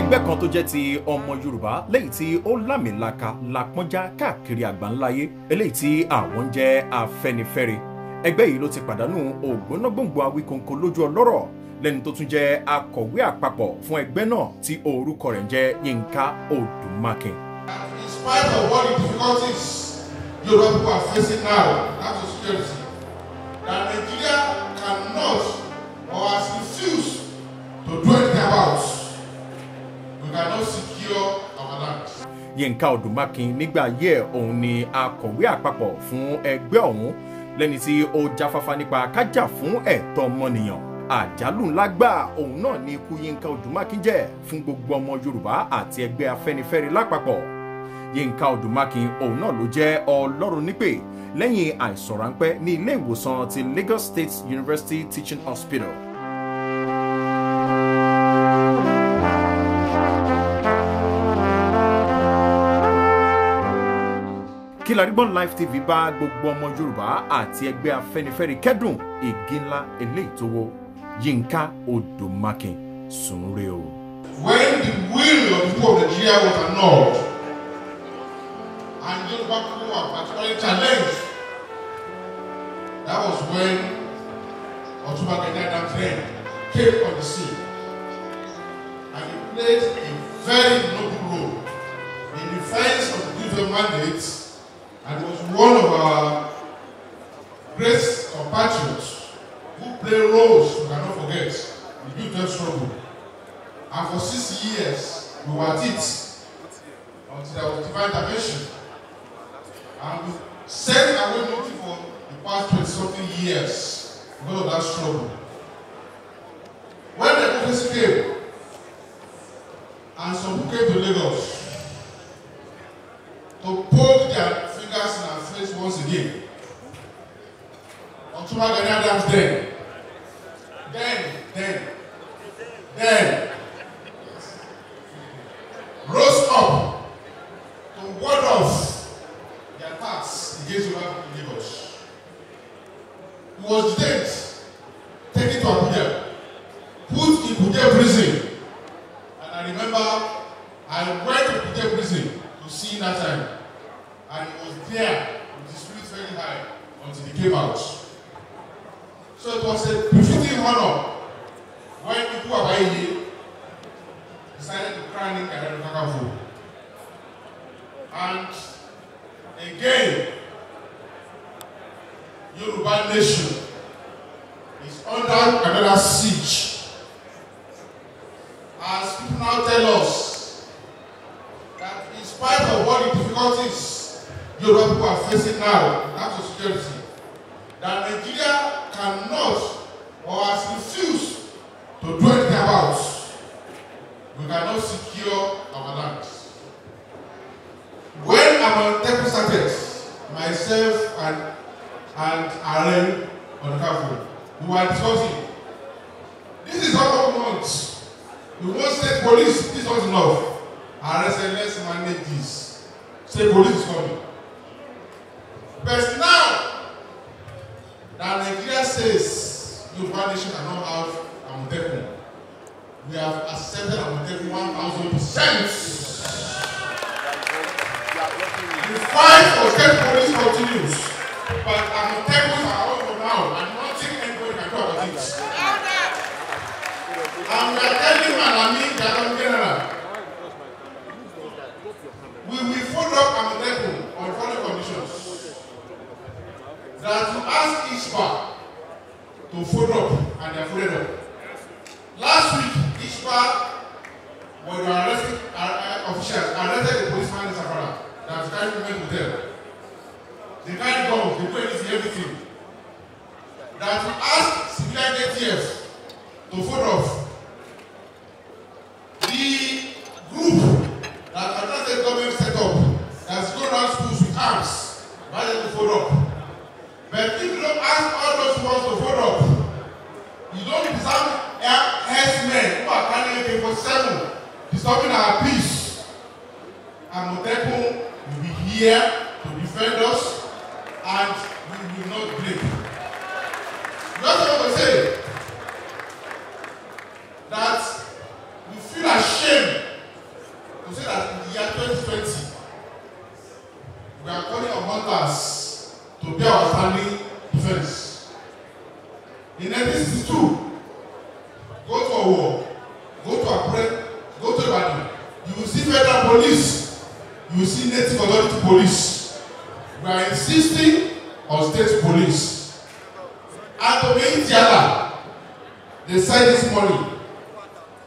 ẹgbẹ́ kan tó jẹ́ ti ọmọ Yorùbá léyìí tí ó lámìlaka lápọ́njá káàkiri àgbáńláyé eléyìí tí àwọn ń jẹ́ Afẹ́nifẹ́re ẹgbẹ́ yìí ló ti pàdánù ògbónágbòǹgbò Awíkonko lójú ọlọ́rọ̀ lẹ́ni tó tún jẹ́ akọ̀wé àpapọ̀ fún ẹgbẹ́ náà tí orúkọ rẹ̀ ń jẹ́ Yínká Odùmákin. In spite of all the difficulties Yoruba people are facing now that is security that Nigeria cannot or has refused to do anything about. We cannot secure our land. Yínká Odùmákin nígbà ayé ẹ̀ òun ni akọ̀wé àpapọ̀ fún ẹgbẹ́ ọ̀hún lẹ́ni tí ó jáfáfá nípa kájà fún ẹ̀tọ́ ọmọnìyàn àjálù ńlá gbà òun náà ni ikú Yínká Odùmákin jẹ́ fún gbogbo ọmọ Yorùbá àti ẹgbẹ́ Afẹ́nifẹ́re lápapọ̀ Yínká Odùmákin òun náà ló jẹ́ Ọlọ́run nípè lẹ́yìn àìsàn ráńpẹ́ ní ilé ìwòsàn ti Lagos State University Teaching Hospital kí Lárìgbọ́n Live TV bá gbogbo ọmọ Yorùbá àti ẹgbẹ́ Afẹ́nifẹ́re kẹ́dùn ègé ńlá eléyìí Yínká Odò Mákin o. When the will of the people of Nigeria was annulled and Yoruba people were particularly challenged that was when Otunba Gani Adams then came on the scene and he played a very noble role in the defense of the different mandates and was one of our great compatriots who played roles we cannot forget in Newton struggle. And for six years, we were at it until there was divine intervention. And we sent away nothing for the past twenty something years because of that struggle. When the prophecy came, and some who came to Lagos to poke their once again. Otumba Gani Adams then. Then, then, then. decided to crown him Erelu Kakafo. And again, Yoruba nation is under another siege. As people now tell us that in spite of all the difficulties Yoruba people are facing now, that is security, that Nigeria cannot or has refused to do anything about we cannot secure our lands. When our temple started, myself and and Aren on Kavu, we were discussing. This is how we want. We want state police. This was enough. Aren said, let's manage this. State police is coming. But now that Nigeria says Yoruba nation cannot have temple we have accepted our debt thousand percent. The fight for state police continues, but our tables are over now, and nothing anybody can do about it. And we are telling that Garam General, we will follow up our debt on following conditions that you ask each part to follow up and they are followed up when you are arrested, uh, uh, officials arrested the policeman in Safara that carried women with them. They carried guns, they put everything. That here to defend us and we will not break. You That's what I'm say That we feel ashamed to say that in the year 2020, we are calling on mothers to be our family defense. In 1962, By insisting on state police and obeying the other they sign this morning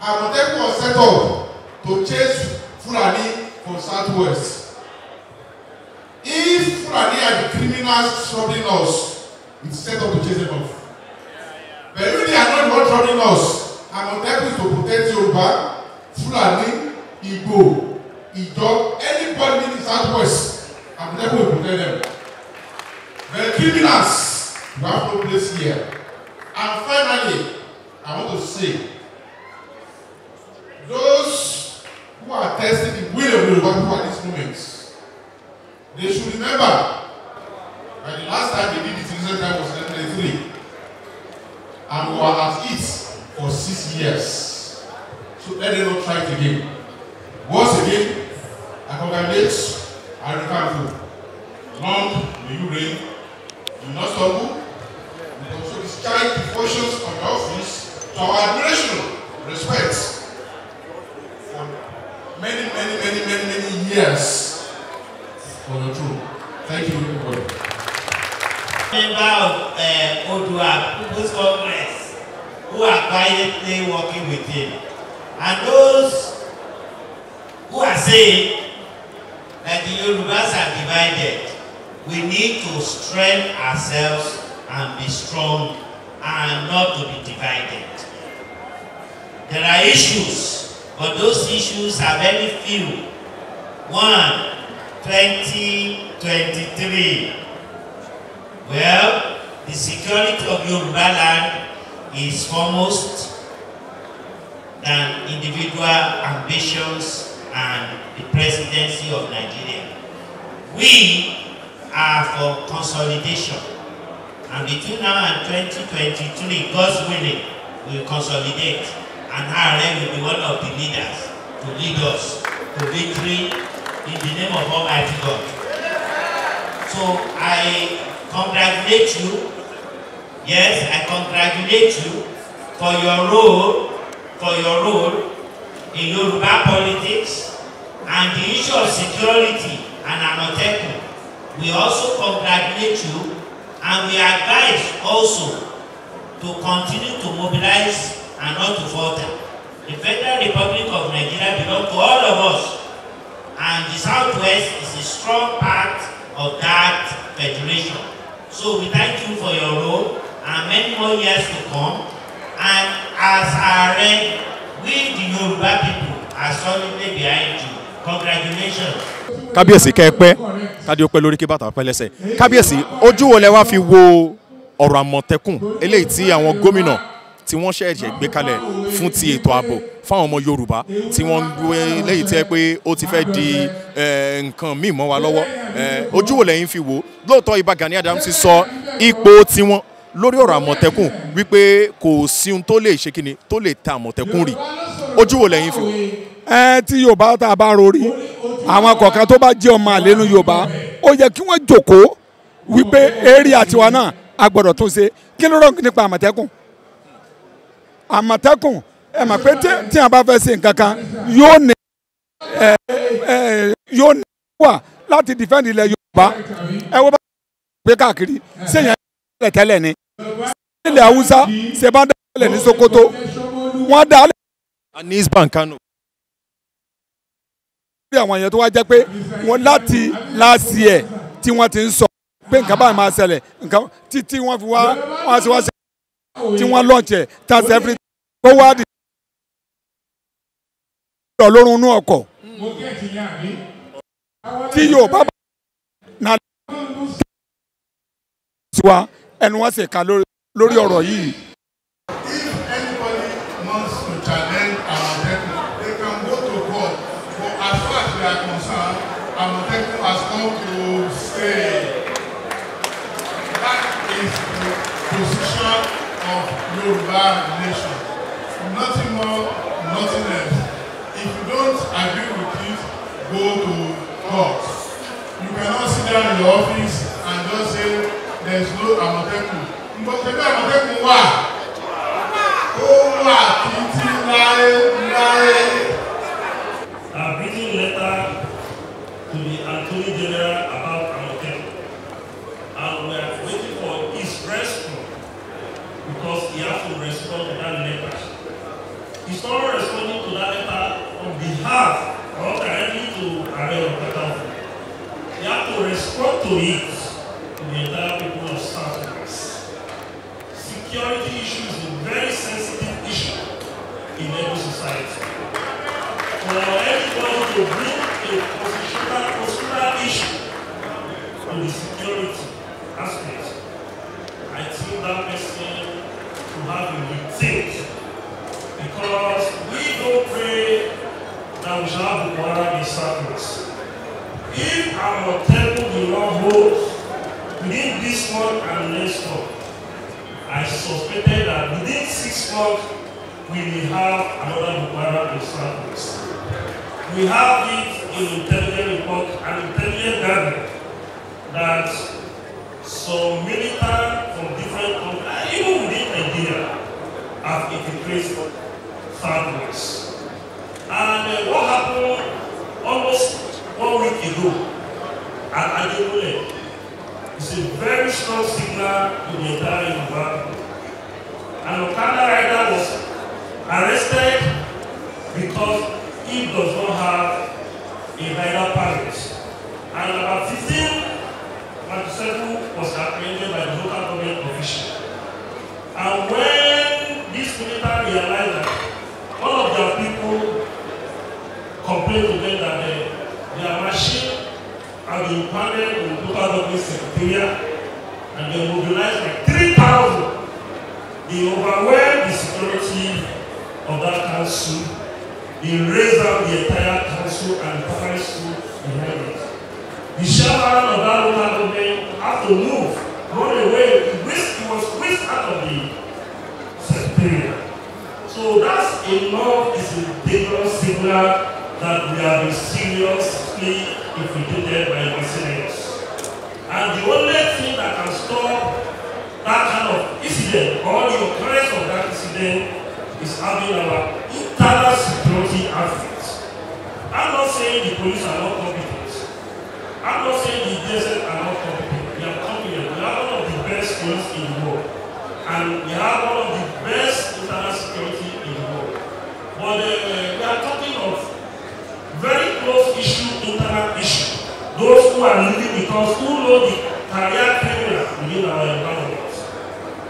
Amotekun was set up to chase Fulani from southwest if Fulani are the criminals troubling us it's set up to chase them off but if they are not troubling us Amotekun is to protect Yoruba Fulani Igbo Ijaw anybody in southwest I've never represented them. The criminals, you have no place here. And finally, I want to say, those who are testing the will of the Yoruba at this moment, they should remember that the last time they did it in time was 1993, and we were at it for six years. So let them not try it again. Once again, I congratulate I Arikatu. Long may you reign. Do not stumble. And also discharge the functions of your office to our admiration, respect, for many, many, many, many, many years for the truth, Thank you, everybody. Member of uh, eh, Odua People's Congress who are quietly working with him, and those who are saying the Yorubas are divided. We need to strengthen ourselves and be strong and not to be divided. There are issues, but those issues are very few. One, 2023. Well, the security of Yoruba land is foremost than individual ambitions and the presidency of Nigeria. We are for consolidation. And between now and 2023, God's willing, we will consolidate. And Harare will be one of the leaders to lead us to victory in the name of Almighty God. So I congratulate you. Yes, I congratulate you for your role, for your role in Yoruba politics and the issue of security and Amoteku. We also congratulate you and we advise also to continue to mobilize and not to falter. The Federal Republic of Nigeria belongs to all of us and the Southwest is a strong part of that federation. So we thank you for your role and many more years to come. And as our We the Yoruba people are solidly behind you. Congratulations. Kábíyèsí kẹ́ẹ̀pẹ́ kádé lórí kí bàtà pẹ́ lẹ́sẹ̀. Kábíyèsí ojú wo lẹ wá fi wo ọ̀rọ̀ àmọ̀tẹ́kùn eléyìí tí àwọn gómìnà tí wọ́n ṣẹ̀ṣẹ̀ gbé kalẹ̀ fún ti ètò ààbò fáwọn ọmọ Yorùbá tí wọ́n ń gbé léyìí tí ẹ pé ó ti fẹ́ di nǹkan míì mọ́ wa lọ́wọ́ ojú wo lẹ́yìn fi wò lóòótọ́ Ìbà Gani Adams ti sọ ipò tiwọn lórí ọ̀rọ̀ àmọ̀tẹ́kùn wípé kò sí ohun tó lè ṣe kíni tó lè ta àmọ̀tẹ́kùn rì ojú wo lẹ́yìn fi wò. ẹ tí yorùbá tá a bá rori àwọn kọ̀ọ̀kan tó bá jẹ́ ọmọ àlè nínú yorùbá ó yẹ kí wọ́n jòkóó wípé eré àtiwá náà a gbọ́dọ̀ tún ṣe kí ló rọ̀ nípa àmọ̀tẹ́kùn àmọ̀tẹ́kùn ẹ mọ̀ pé tí a bá fẹ́ ṣe nǹkan kan yóò ní ẹ ẹ yóò ní wà láti defend ilẹ̀ yorùbá ẹ wọ́n bá gbé káàkiri sẹ́yìn tẹ́lẹ̀ ni ilẹ̀ haúsá ṣe bá dá tẹ́lẹ̀ ní sokoto wọ́n dá. ní isban kano. bí àwọn èèyàn tó wá jẹ́ pé wọ́n láti láàsì ẹ̀ tí wọ́n ti ń sọ pé nǹkan báyìí máa ṣẹlẹ̀ nǹkan títí wọ́n fi wá wọ́n á sì wá ṣe tí wọ́n lọ́ọ̀tì that's everything tó wá di. lọ lórun inú ọkọ̀ tí yóò bá bá na ẹnu wọn ṣèkà lórí ọ̀rọ̀ yìí. If anybody wants to challenge Amotekun, they can go to court. But as far as we are concerned, Amotekun has come to stay. That is the position of Yoruba nation. Nothing more, nothing less. If you don't agree with it, go to court. You cannot sit down in your office ẹ̀sùn àmọ̀tẹ́kùn ńgbọ́tẹ́gbẹ́ àmọ̀tẹ́kùn wà ó wà títí láé láé. I've written to the Attorney General about Amotekun and we are waiting for his response because he has to respond to that letter. He's not responding to that letter on behalf or directly to Ààrẹ Ọ̀kadà. He has to respond to it to the entire people. security issue is a very sensitive issue in every society. For everybody to bring a constitutional, constitutional issue to the security aspect, I think that person to have a rethink because we don't pray that we shall have a moral disturbance. If our temple will not hold need this one and next one, I suspected that within six months we will have another Mubarak resurgence. We have it in intelligence report and intelligence gathering that some militants from different countries, even within Nigeria, have increased Southwest. And uh, what happened almost one week ago at Adebule, It's a very strong signal to the entire Yoruba. And Okada Rider was arrested because he does not have a rider permit. And about 15 Matusefu was apprehended by the local government official. And when this military realized that all of their people complained to them that their, their machine and they impounded in the local government secretariat and they mobilized like 3,000. They overwhelmed the security of that council. They raised up the entire council and primary school behind it. The chairman of that local government had to move, run away, he, whisked, he was whisked out of the secretariat. So that's enough is a dangerous signal that we have been seriously infiltrated by incidents, And the only thing that can stop that kind of incident or the occurrence of that incident is having our internal security outfits. I'm not saying the police are not competent. I'm not saying the DSS are not competent. We are competent. We have one of the best police in the world. And we have one of the best internal security in the world. But the who are leading because who know the career criminal within our environment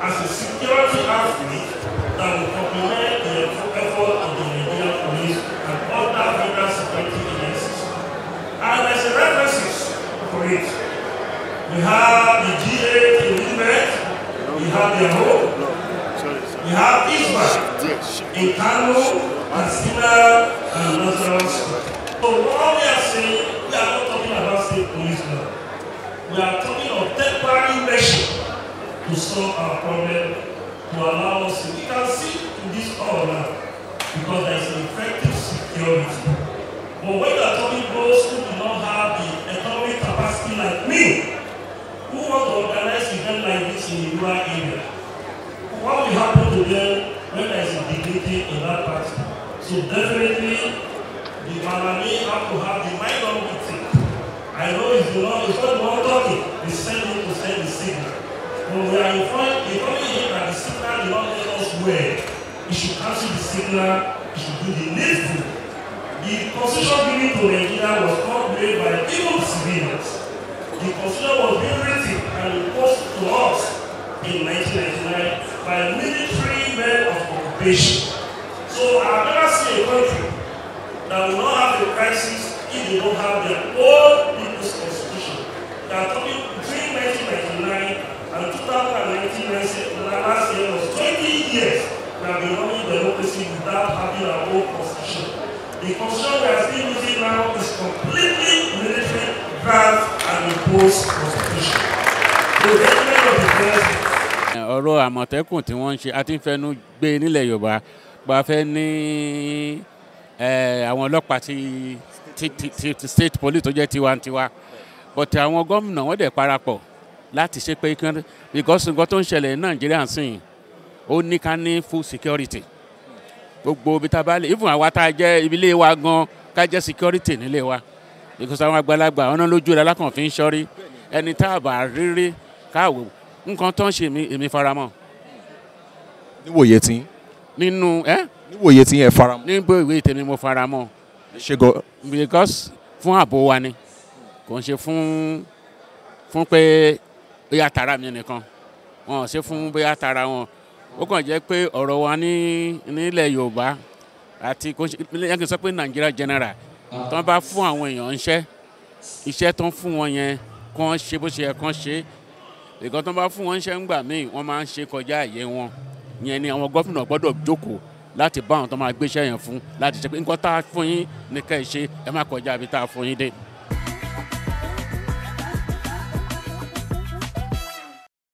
as a security outfit that will complement the effort of the Nigerian police and other federal security agencies. And there's a references for it. We have the G8 movement, we have the hope, we have ISMA in Kano, Asina, and Lazarus. So what we are saying. to solve our problem, to allow us to, we can see in this all because there is effective security. But when you are talking those who do not have the economic capacity like me, who want to organize event like this in the rural area, what will happen to them when there is dignity in that party? So definitely, the Malami have to have the mind of the thing. I know it's not, it's not one talking, send sending to send the signal. When we are informed, the government here that the signal did not let us well, it should cancel the signal, it should do the needful. The constitution given to Nigeria was not made by evil civilians. The constitution was being written and imposed to us in 1999 by military men of occupation. So I've never seen a country that will not have a crisis if they don't have their own people's constitution. They are talking and 2019 last year was 20 years we have been running democracy without having our own constitution. The constitution we are still using now is completely military, vast, and imposed constitution. The government of the president. ọ̀rọ̀ àmọ̀tẹ́kùn tí wọ́n ń ṣe a ti ń fẹnu gbé nílẹ̀ Yorùbá gba fẹ́ ní àwọn ọlọ́pàá ti ti ti state police tó jẹ́ tiwantiwa but àwọn gómìnà wọ́n dẹ̀ parapọ̀ láti ṣe pé kí wọ́n because nǹkan tó ń ṣẹlẹ̀ ní nàìjíríà sìn ó ní ká ní full security gbogbo ibi tá a bá lè even àwa tá a jẹ́ ibi ilé wa gan ká jẹ́ security nílé wa because àwọn àgbàlagbà ọ̀nà lójú rẹ̀ alákàn fi ń ṣọ́rí ẹni tá a bá rírí káwò nǹkan tó ń ṣe èmi èmi faramọ́. níwòye tí. nínú ẹ. níwòye tí ẹ faramọ́. níbo ìwé tèmi mo faramọ́. ṣe gọ. because fún ààbò wa ni kò ń ṣe fún fún pé bóyá tara mi nìkan wọn ò ṣe fún bóyá tara wọn ó kàn jẹ́ pé ọ̀rọ̀ wa ní nílẹ̀ yorùbá àti yẹn kì í sọ pé nàìjíríà general ah. tó ń bá fún àwọn èèyàn iṣẹ́ iṣẹ́ tó ń fún wọn yẹn kàn ṣe bó ṣe yẹ kàn ṣe ìkan tó ń bá fún wọn iṣẹ́ ńgbà míì wọ́n máa ń ṣe kọjá àyè wọn yẹn ni àwọn gómìnà gbọ́dọ̀ jókòó láti bá àwọn tó máa gbéṣẹ́ yẹn fún láti ṣe pé nǹkan tá a fún yín nìkan ẹ̀ ṣe ẹ má kọjá ibi tá a fún yín dé.